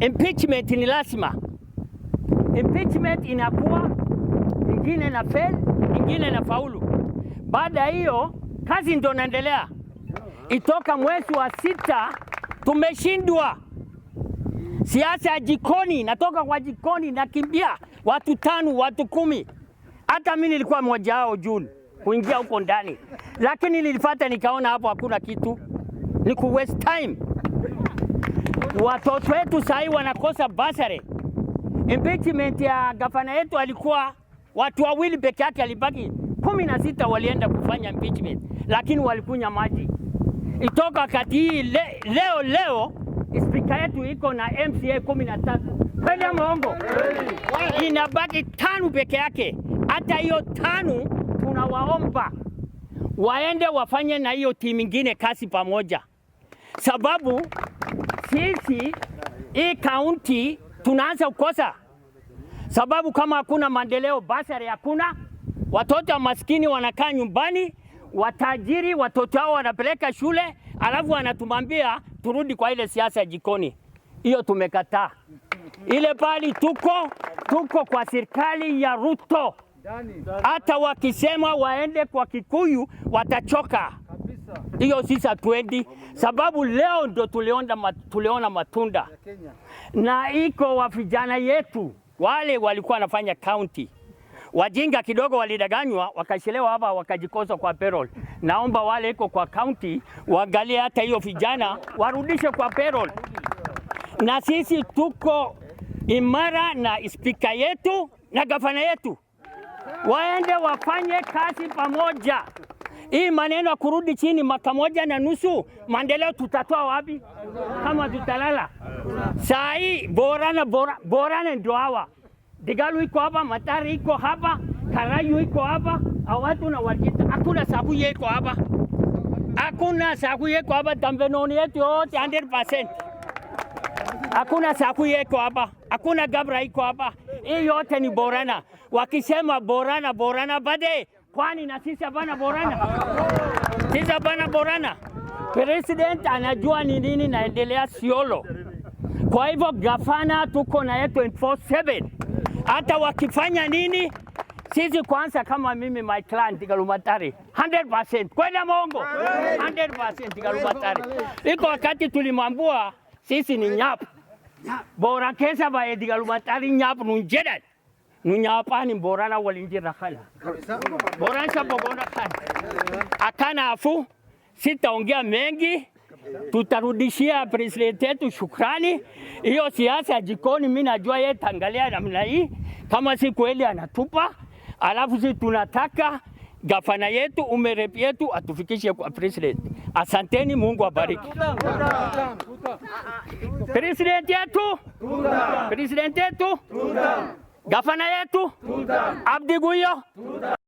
Impeachment ni lazima. Impeachment inakuwa ingine na fail, ingine na faulu. Baada hiyo kazi ndio inaendelea. Itoka mwezi wa sita tumeshindwa. Siasa ya jikoni, natoka kwa jikoni nakimbia watu tano, watu kumi. Hata mimi nilikuwa mmoja wao June kuingia huko ndani, lakini nilifuata nikaona hapo hakuna kitu, ni ku waste time. Watoto wetu sahii wanakosa basare Impeachment ya gavana yetu alikuwa watu wawili peke yake, alibaki kumi na sita walienda kufanya impeachment, lakini walikunya maji itoka kati hii le, leo leo spika yetu iko na MCA kumi na tatu pele mongo inabaki tano peke yake. Hata hiyo tano tunawaomba waende wafanye na hiyo timu ingine kazi pamoja sababu sisi hii kaunti tunaanza kukosa sababu, kama hakuna maendeleo, basari hakuna, watoto wa maskini wanakaa nyumbani, watajiri watoto wao wanapeleka shule, alafu wanatumambia turudi kwa ile siasa ya jikoni. Hiyo tumekataa ile pali, tuko tuko kwa serikali ya Ruto. Hata wakisema waende kwa Kikuyu watachoka hiyo sisi hatuendi, sababu leo ndo tuliona, tuliona matunda na iko wa vijana yetu wale walikuwa wanafanya kaunti wajinga kidogo walidaganywa wakachelewa hapa wakajikosa kwa payroll. Naomba wale iko kwa kaunti waangalie hata hiyo vijana warudishe kwa payroll, na sisi tuko imara na spika yetu na gavana yetu, waende wafanye kazi pamoja. Hii maneno ya kurudi chini mwaka moja na nusu, maendeleo tutatoa wapi kama tutalala? Saa hii Borana, Borana, Borana ndio hawa. Digalu iko hapa, Matari iko hapa, Karayu iko hapa, watu na Wajita. Hakuna sabu yeko hapa, hakuna sabu yeko hapa. Dambenoni yetu yote 100%. Hakuna saku yeko hapa, hakuna Gabra iko hapa. Hii yote ni Borana. Wakisema Borana, Borana bade kwani na sisi hapana borana, sisi hapana borana. President anajua ni nini naendelea Siolo. Kwa hivyo gavana tuko naye 24/7 hata wakifanya nini sisi kwanza, kama mimi my clan Galumatari 100% kwenda mongo 100% Galumatari. Iko wakati tulimwambua sisi ni nyap bora kesa bae Galumatari nyap nunjedani nunyapani borana walinjira khala boransha bogonda khala akana afu, sitaongea mengi, tutarudishia presidenti yetu shukrani. Hiyo siasa ya jikoni, mimi najua yeye tangalia namna hii, kama si kweli anatupa, alafu si tunataka gavana yetu umerep yetu atufikishe kwa president. Asanteni, Mungu abariki president yetu, president yetu. Gavana yetu Abdi Guyo